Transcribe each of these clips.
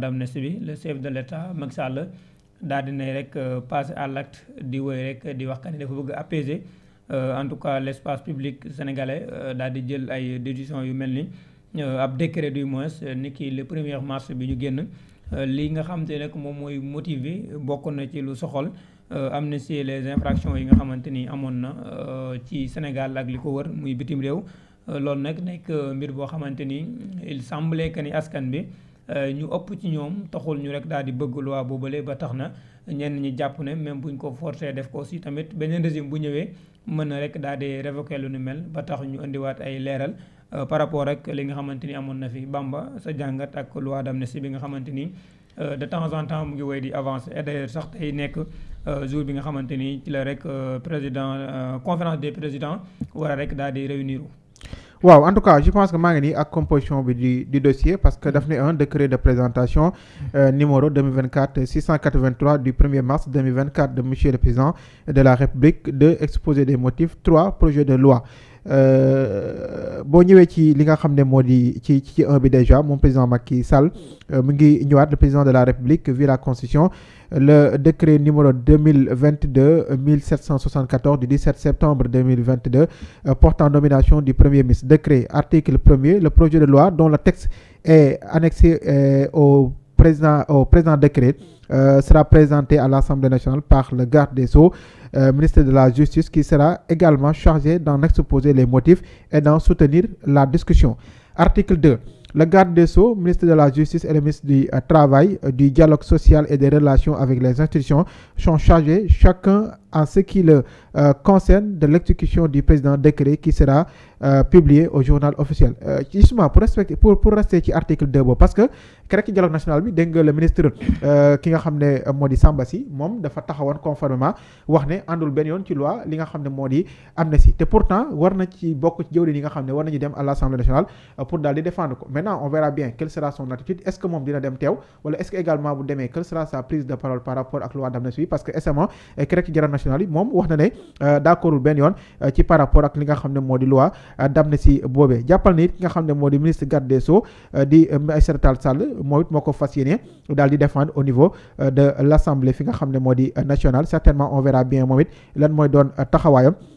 d'amnistie bi le chef de l'État Macky Sall daal di ne rek euh, passer à l'acte di woy rek di wax kan dafa bëgg apaiser euh, en tout cas l'espace public sénégalais euh, daal di jël ay décisions yu mel ni ab décret du moins ni ki le première mars bi ñu génn li nga xam te nag moom mooy motivé bokk na ci lu soxol amnistie les infractions yi nga xamante ni amoon na ci Sénégal ak li ko wër muy bitim réew loolu nag nekk mbir boo xamante il semblait ni askan bi Euh, ñu ëpp ci ñoom taxul ñu rek daal di bëgg loi boobale ba tax na ñenn ñi jàpp ne même buñ ko forte def ko aussi tamit beneen régime bu ñëwee mën na rek daal di révoquer lu nu mel ba tax ñu indiwaat ay leeral euh, par rapport ak li nga xamante ni amoon na fi Bamba sa jàngat ak loi si bi nga xamante ni euh, de temps en temps mu ngi woy di avancer et d'ailleurs sax tey nekk jour bi nga xamante ni ci la rek président conférence des président war a rek daal di réunir waaw en tout cas je pense que maa ngi nii ak composition bi du du dossier parce que mm. daf ne un décret de présentation mm. euh, numéro 2024 683 du 1er mars 2024 de monsieur le président de la république de exposé des motifs trois projets de loi euh, boo ñëwee ci li nga xam ne moo di ci ci un bi déjà moom président ki Sall euh, mu ngi ñëwaat le président de la république via la constitution le décret numéro 2022 1774 du 17 septembre 2022 euh, portant nomination du Premier ministre. Décret article 1er, le projet de loi dont le texte est annexé eh, au président au présent décret euh, sera présenté à l'Assemblée nationale par le garde des Sceaux, euh, ministre de la Justice, qui sera également chargé d'en exposer les motifs et d'en soutenir la discussion. Article 2. Le garde des so ministre de la Justice et le ministre du euh, Travail, euh, du Dialogue social et des relations avec les institutions sont chargés chacun en ce qui le euh, concerne de l'exécution du président décret qui sera euh, publié au journal officiel euh, justement pour respecter pour pour ci article 2 boobu parce que keroog ci dialogue national bi dégg nga le ministre euh, ki nga xam ne euh, moo di Samba Sy moom dafa taxawoon conformément wax ne àndul benn yoon ci loi li nga xam ne moo di amnistie te pourtant war na ci bokk ci jëwriñ yi nga xam ne war nañu dem à l'Assemblée nationale pour daal di défendre ko nationale moom wax na ne euh, d'accordul benn yoon euh, ci par rapport ak li nga xam ne moo di loi euh, d'amnistie boobee jàppal na it ki nga xam ne moo di ministre garde des Sceaux di Aïssata Tall Sall moom it moo ko fas yéene daal di défendre au niveau de l'Assemblée fi nga xam ne moo di national certainement on verra bien moom it lan mooy doon taxawaayam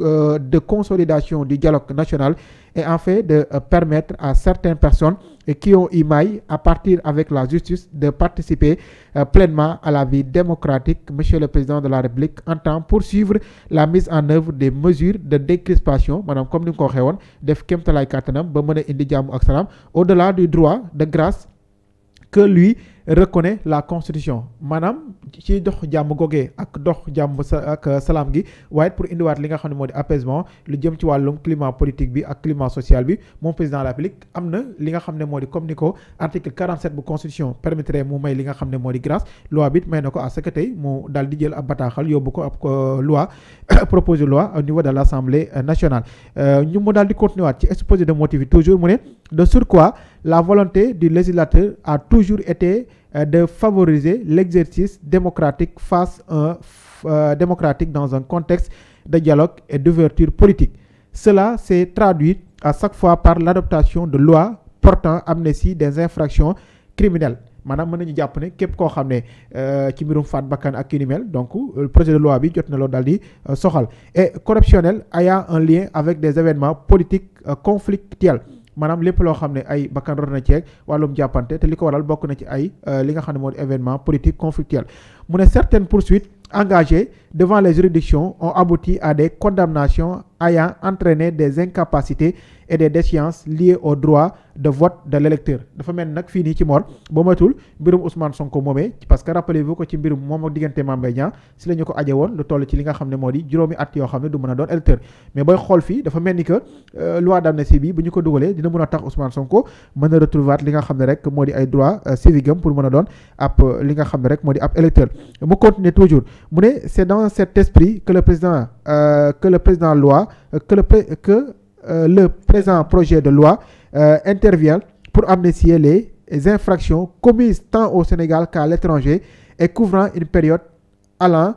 euh, de consolidation du dialogue national et en fait de euh, permettre à certaines personnes euh, qui ont eu maille à partir avec la justice de participer euh, pleinement à la vie démocratique. Monsieur le Président de la République entend poursuivre la mise en œuvre des mesures de décrispation maanaam comme ni nga ko waxee woon def kéemtalaay kàttanam ba mën a indi jàmm ak salaam au-delà du droit de grâce que lui reconnaît la constitution maanaam ci dox jàmm gogee ak dox jàmm sa ak euh, salaam gi waaye pour indiwaat li nga xam ne moo di apaisement lu jëm ci wàllum climat politique bi ak climat social bi moom président de la République am na li nga xam ne moo di comme ni ko article 47 bu constitution permettrait mu may li nga xam ne moo di grâce loi bi may na ko à ce tey mu daal di jël ab bataaxal yóbbu ko ab euh, loi proposé loi au niveau de l' assemblée nationale euh, ñu mu daal di continuer ci exposé de motifs yi toujours mu ne De quoi la volonté du législateur a toujours été euh, de favoriser l'exercice démocratique face un euh, démocratique dans un contexte de dialogue et d'ouverture politique. Cela s'est traduit à chaque fois par l'adoption de loi portant amnistie des infractions criminelles. maanaam mën nañu jàpp ne képp koo xam ne euh, ci mbirum faat bakkan ak ni mel donc projet de loi bi jot na loolu daal di soxal et corruptionnel ayant un lien avec des événements politiques conflictuels. maanaam lépp loo xam ne ay bakkan rot na ceeg wàllum jàppante te li ko waral bokk na ci ay euh, li nga xam ne moo di événement politique conflictuel mu ne certaines poursuites engagées devant les juridictions ont abouti à des condamnations ayant entraîné des incapacités et des déchéances liées au droit de vote de l'électeur dafa mel nag fii nii ci Mor ba matul mbirum Ousmane Sonko moomee parce que rappelez-vous ko ci mbirum moom ak diggante Mame Mbaye Niang si la ko aje woon lu toll ci li nga xam ne moo di juróomi at yoo xam ne du mën a doon électeur mais booy xool fii dafa mel ni que euh, loi d'amnistie bi bu ñu ko dugalee dina mën a tax Ousmane a xam ne rek moo di ay droit euh, civique am pour mën a doon euh, li nga xam ne moo di ab électeur mu continuer toujours mu dans cet esprit que le président euh, le président loi euh, que le euh, le présent projet de loi euh, intervient pour amnistier les infractions commises tant au Sénégal qu'à l'étranger et couvrant une période allant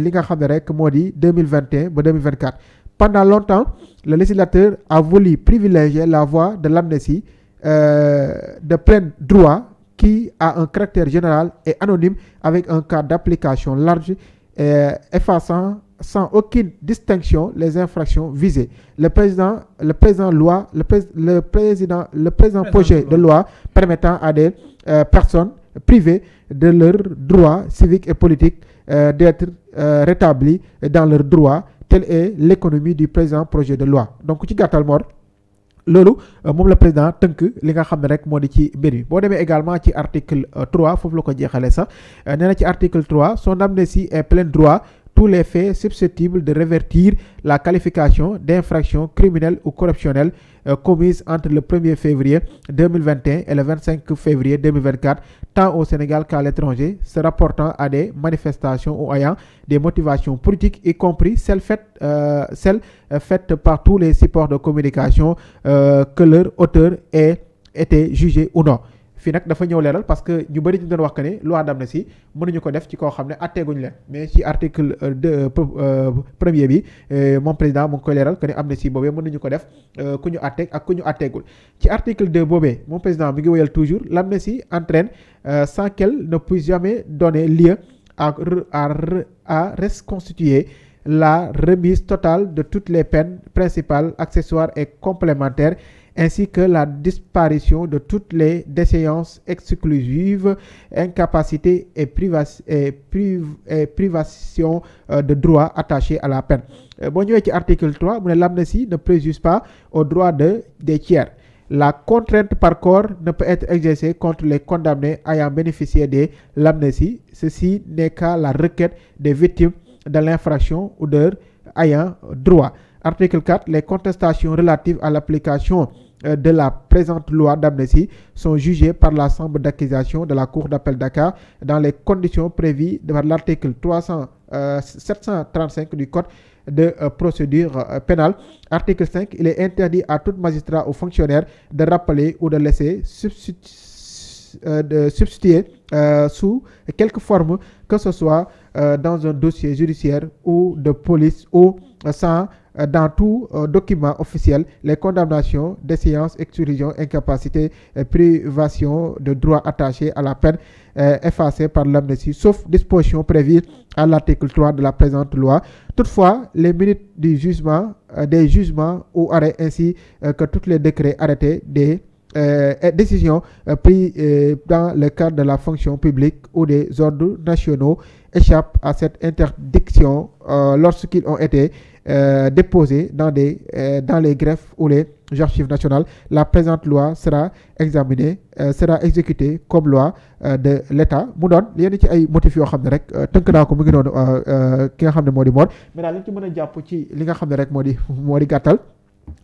li nga xam ne rek moo di 2021 ba 2024 pendant longtemps le législateur a voulu privilégier la voie de l'amnistie de plein droit qui a un caractère général et anonyme avec un cas d'application large effaçant euh, sans aucune distinction les infractions visées le président le président loi le, pré le président le présent projet de loi permettant à des euh, personnes privées de leurs droits civiques et politiques euh, d'être euh, rétablies dans leurs droits telle est l'économie du présent projet de loi donc ci gàttal loolu euh, moom la président tënk li nga xam ne rek moo di ci mbir mi boo demee également ci article 3 euh, foofu la ko jeexalee sax euh, nee ci article soo son amnistie est plein droit tous les faits susceptibles de révertir la qualification d'infraction criminelle ou corruptionnelle euh, commise entre le 1er février 2021 et le 25 février 2024, tant au Sénégal qu'à l'étranger, se rapportant à des des motivations politiques, y compris celles faites, euh, celles euh, faites les supports de communication euh, que leur auteur ait été jugé ou non. fii nag dafa ñëw leeral parce que ñu bëri ñu doon wax que ne loi d'amnistie nañu ko def ci koo xam ne atteeguñu la mais ci article euh, deux euh, euh, premier bi moom président mu ngi koy leeral que ne amnistie boobee nañu ko def ku ñu atteeg ak ku ñu atteegul ci article deux boobee moom président mi ngi wéyal toujours l'amnistie entraîne sans qu'elle ne puisse jamais donner lieu à à à reconstituer la remise totale de toutes les peines principales accessoires et complémentaires ainsi que la disparition de toutes les déséances exclusives, incapacité et, privas et, priv et privation euh, de droits attachés à la peine. Euh, boo ñëwee ci article 3 mu ne l'amnistie ne préjuge pas au droit de des tiers. La contrainte par corps ne peut être exercée contre les condamnés ayant bénéficié de l'amnistie. Ceci n'est qu'à la requête des victimes de l'infraction ou de ayant droit. Article 4, les contestations relatives à l'application Euh, de la présente loi d'amnistie sont jugés par la chambre d'accusation de la cour d'appel Dakar dans les conditions prévues par l'article 300 euh, 735 du code de euh, procédure euh, pénale article 5 il est interdit à tout magistrat ou fonctionnaire de rappeler ou de laisser substituer Euh, de substituer euh, sous quelques forme que ce soit euh, dans un dossier judiciaire ou de police ou sans dans tout document officiel les condamnations déséance exclusion incapacité privation de droit attachée à la peine effacée par l'amnistie sauf disposition prévue à l'article 3 de la présente loi toutefois les minutes du jugement des jugements ou arrêts ainsi que tous les décrets arrêtés des Euh, décisions euh, prises euh, dans le cadre de la fonction publique ou des ordres nationaux échappent à cette interdiction lorsqu'ils on été déposés dans des dans les greffes ou les archives nationales la présente loi sera examinée sera exécutée comme loi de l'État mu doon yenn ci ay motifs yoo xam ne rek tënk naa ko mu ngi noonu ki nga xam ne moo di moor mais daal li ñu ci mën a jàpp ci li nga xam ne rek moo di moo di gàttal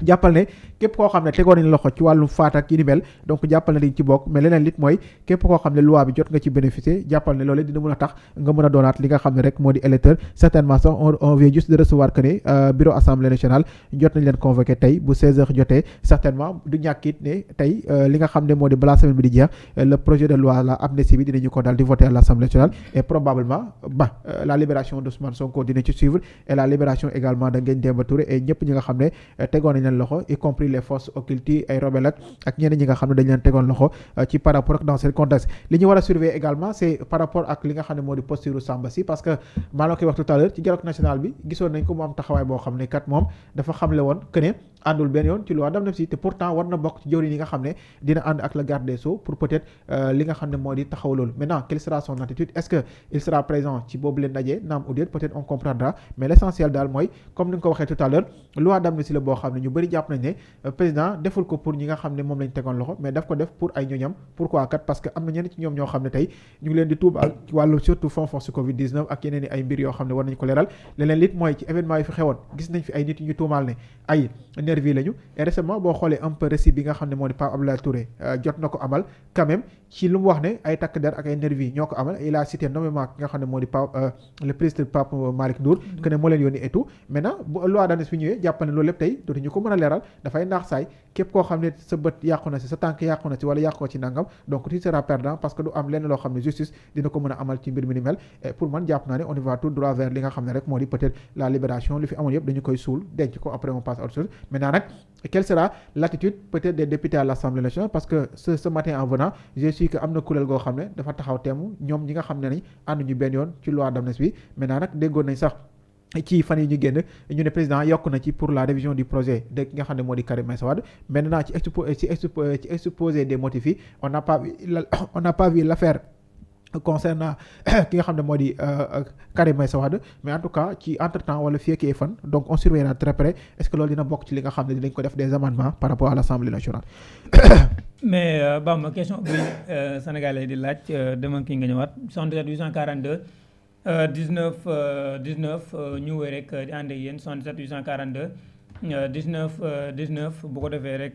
jàppal ne képp koo xam ne tegoon nañ loxo ci wàllum faat ak yi ni mel donc jàppal ne dañ ci bokk mais leneen lit mooy képp koo xam ne loi bi jot nga ci bénéficier jàppal ne loolu dina mën a tax nga mën a doonaat li nga xam ne rek moo di électeur certainement sax on juste de recevoir que ne euh, bureau assemblée nationale jot nañ leen convoqué tey bu 16 jotee certainement du ñàkkit ne tey euh, li nga xam ne moo di balaa bi di jeex euh, la tegoon leen loxo y compris les forces occultes ay rebelles ak ak ñi nga xam ne dañ leen tegoon loxo euh, ci par rapport dans ce contexte li ñu war a surveiller également c'est par rapport ak li nga xam ne moo di posture Samba Sy parce que maa la koy wax tout ci dialogue national bi gisoon nañ ko mu taxawaay boo xam ne kat moom dafa xamle woon que àndul benn yoon ci loi d'amnistie te pourtant war na bokk ci jëwriñ yi nga xam ne dina ànd ak ñu bëri jàpp nañ ne euh, président deful ko pour ñi nga xam ne moom lañ tegoon loxo mais daf ko def pour ay ñoñam pourquoi kat parce que am na ñenn ci ñoom ñoo xam ne tey ñu leen di tuubaal wàllu surtout fond force covid 19 ak yeneen i ay mbir yoo xam ne war nañ ko leeral leneen lit mooy ci événement yi fi xewoon gis nañ fi ay nit ñu tuumaal ne ay nervi lañu et boo xoolee un peu bi nga xam ne moo di Pape Abdoulaye Touré euh, jot na ko amal quand même ko mën a leeral dafay naax saay képp koo xam ne sa bët yàqu na si sa tànk yàqu na si wala yàqoo ci nangam donc tu perdant parce que du am lenn loo xam ne justice dina ko mën a amal ci mbir mi pour man jàpp naa ne on va tout droit vers li nga xam ne rek moo di peut la libération li fi amoon yëpp dañu koy suul denc ko après on passe à autre chose nag quelle sera l'attitude peut-être des députés parce que ce ce matin am ne dafa taxaw teemu ñoom ñi nga xam ne nañ ànduñu benn loi d'amnistie bi maintenant nag déggoon ci fan yi ñu génn ñu ne président yokk na ci pour la révision du projet de ki nga xam ne moo di Karim Meïssa Wade maintenant ci exposé des motifs yi on n'a pas vu on n'a pas vu l'affaire concernant ki nga xam ne moo di euh, Karim Meïssa Wade mais en tout cas ci entre temps wala fekkee fan donc on surveillera très près est-ce loolu dina bokk ci li nga xam ne dinañ ko def des amendements par rapport à l'Assemblée nationale. mais euh, Bamba question bi euh, Sénégalais di laaj demain ki nga ñëwaat 77 842. dix 19 19 ñu wéy rek euh, di ànd ak yéen 77 842 19 19 bu ko defee rek